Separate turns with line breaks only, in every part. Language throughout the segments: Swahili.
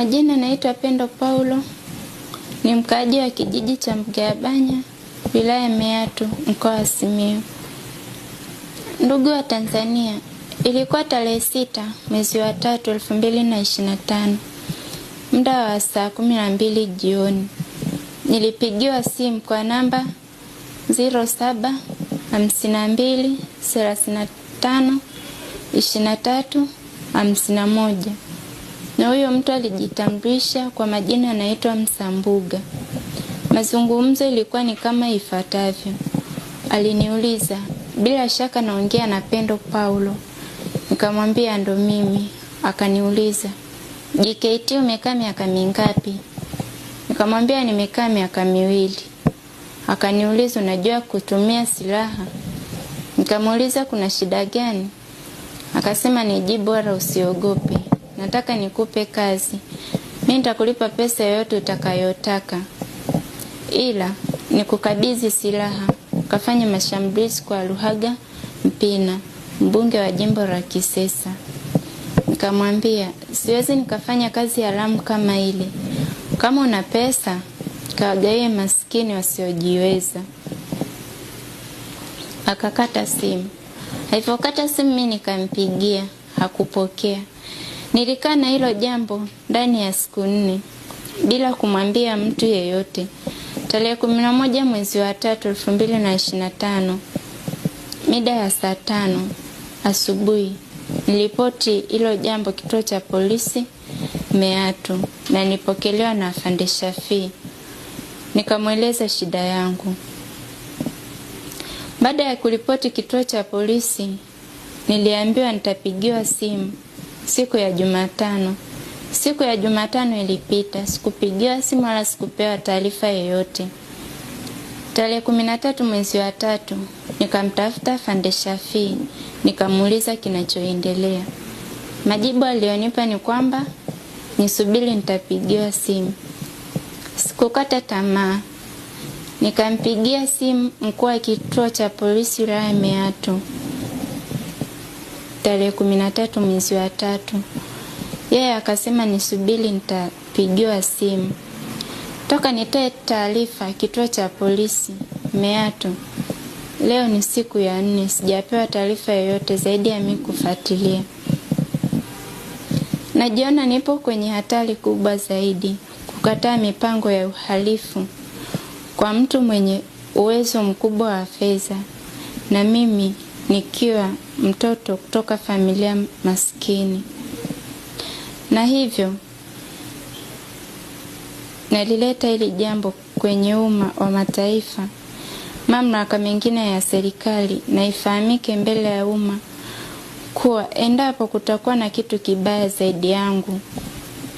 Majina naitwa Pendo Paulo, ni mkaaji wa kijiji cha Mgabanya, wilaya Meatu, mkoa wa Simiyu. Ndugu wa Tanzania, ilikuwa tarehe sita mwezi wa tatu elfu mbili na ishirini na tano muda wa saa kumi na mbili jioni nilipigiwa simu kwa namba 07 52 35 23 moja na huyo mtu alijitambulisha kwa majina anaitwa Msambuga. Mazungumzo ilikuwa ni kama ifuatavyo. Aliniuliza, bila shaka naongea na Pendo Paulo. Nikamwambia ndo mimi. Akaniuliza, JKT umekaa miaka mingapi? Nikamwambia nimekaa miaka miwili. Akaniuliza, unajua kutumia silaha? Nikamuuliza kuna shida gani? Akasema ni bora usiogope nataka nikupe kazi, mi nitakulipa pesa yoyote utakayotaka, ila nikukabidhi silaha kafanya mashambulizi kwa Luhaga Mpina, mbunge wa jimbo la Kisesa. Nikamwambia siwezi nikafanya kazi haramu kama ile, kama una pesa kawagawie maskini wasiojiweza. Akakata simu. Alipokata simu, mi nikampigia, hakupokea. Nilikaa na hilo jambo ndani ya siku nne bila kumwambia mtu yeyote. Tarehe kumi na moja mwezi wa tatu elfu mbili na ishirini na tano mida ya saa tano asubuhi nilipoti hilo jambo kituo cha polisi Meatu na nilipokelewa na afande Shafii, nikamweleza shida yangu. Baada ya kuripoti kituo cha polisi, niliambiwa nitapigiwa simu siku ya Jumatano. Siku ya Jumatano ilipita, sikupigiwa simu wala sikupewa taarifa yoyote. Tarehe kumi na tatu mwezi wa tatu nikamtafuta Fande Shafii nikamuuliza kinachoendelea. Majibu alionipa ni kwamba nisubiri nitapigiwa simu. Sikukata tamaa, nikampigia simu mkuu wa kituo cha polisi wilaya Meatu tarehe kumi na tatu mwezi wa tatu. Yeye akasema nisubiri, nitapigiwa simu toka nitoe taarifa kituo cha polisi Meatu. Leo ni siku ya nne, sijapewa taarifa yoyote zaidi ya mi kufuatilia. Najiona nipo kwenye hatari kubwa zaidi kukataa mipango ya uhalifu kwa mtu mwenye uwezo mkubwa wa fedha na mimi nikiwa mtoto kutoka familia maskini, na hivyo nalileta hili jambo kwenye umma wa mataifa, mamlaka mengine ya serikali, na ifahamike mbele ya umma kuwa endapo kutakuwa na kitu kibaya zaidi yangu,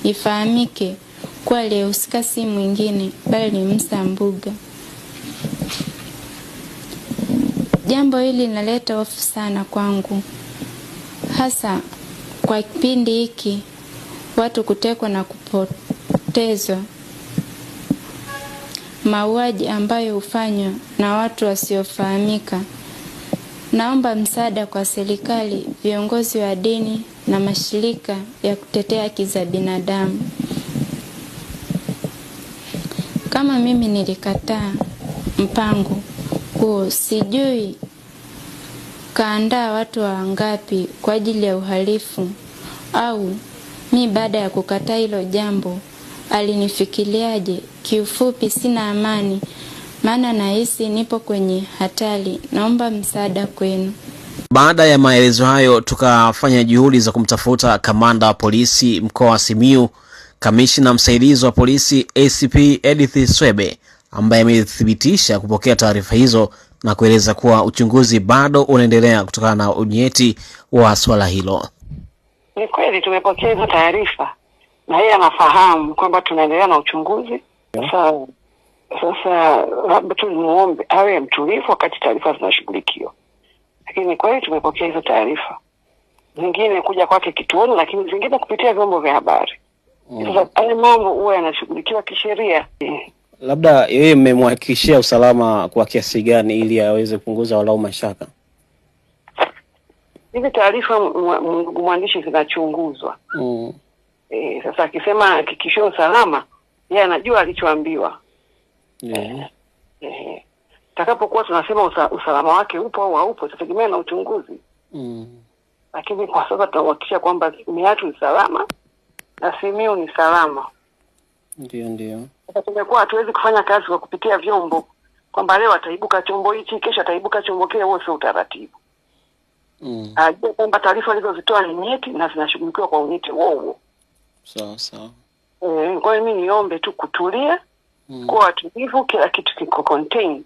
ifahamike kuwa aliyehusika si mwingine bali ni Msambuga. Jambo hili linaleta hofu sana kwangu, hasa kwa kipindi hiki watu kutekwa na kupotezwa, mauaji ambayo hufanywa na watu wasiofahamika. Naomba msaada kwa serikali, viongozi wa dini na mashirika ya kutetea haki za binadamu. Kama mimi nilikataa mpango huo, sijui Kaandaa watu wangapi kwa ajili ya uhalifu? Au mi baada ya kukataa hilo jambo alinifikiriaje? Kiufupi, sina amani, maana nahisi nipo kwenye hatari. Naomba msaada kwenu.
Baada ya maelezo hayo, tukafanya juhudi za kumtafuta kamanda wa polisi mkoa wa simiu kamishna msaidizi wa polisi ACP Edith Swebe ambaye amethibitisha kupokea taarifa hizo na kueleza kuwa uchunguzi bado unaendelea kutokana na unyeti wa swala hilo.
Ni kweli tumepokea hizo taarifa na yeye anafahamu kwamba tunaendelea na uchunguzi sasa. Sasa labda tu nimuombe awe mtulivu wakati taarifa zinashughulikiwa, lakini kweli tumepokea hizo taarifa, zingine kuja kwake kituoni, lakini zingine kupitia vyombo vya habari. Mm. Sasa mm, mambo huwa yanashughulikiwa kisheria.
Labda yeye mmemhakikishia usalama kwa kiasi gani ili aweze kupunguza walau mashaka?
Hizi taarifa ndugu mwandishi zinachunguzwa. mm. E, sasa akisema hakikishia usalama, yeye anajua alichoambiwa. yeah. E, e takapokuwa tunasema usa, usalama wake upo au haupo itategemea na uchunguzi. mm. Lakini kwa sasa tunauhakikisha kwamba Meatu ni salama na Simiyu ni salama. Ndio, ndio. tumekuwa hatuwezi kufanya kazi kwa kupitia vyombo, kwamba leo ataibuka chombo hichi, kesho ataibuka chombo kile. Huo sio utaratibu. Mm. ajua kwamba taarifa alizozitoa ni nyeti na zinashughulikiwa kwa unyeti huo huo.
Sawa sawa.
E, kwa hiyo mi niombe tu kutulia, mm. kuwa watulivu, kila kitu kiko contained.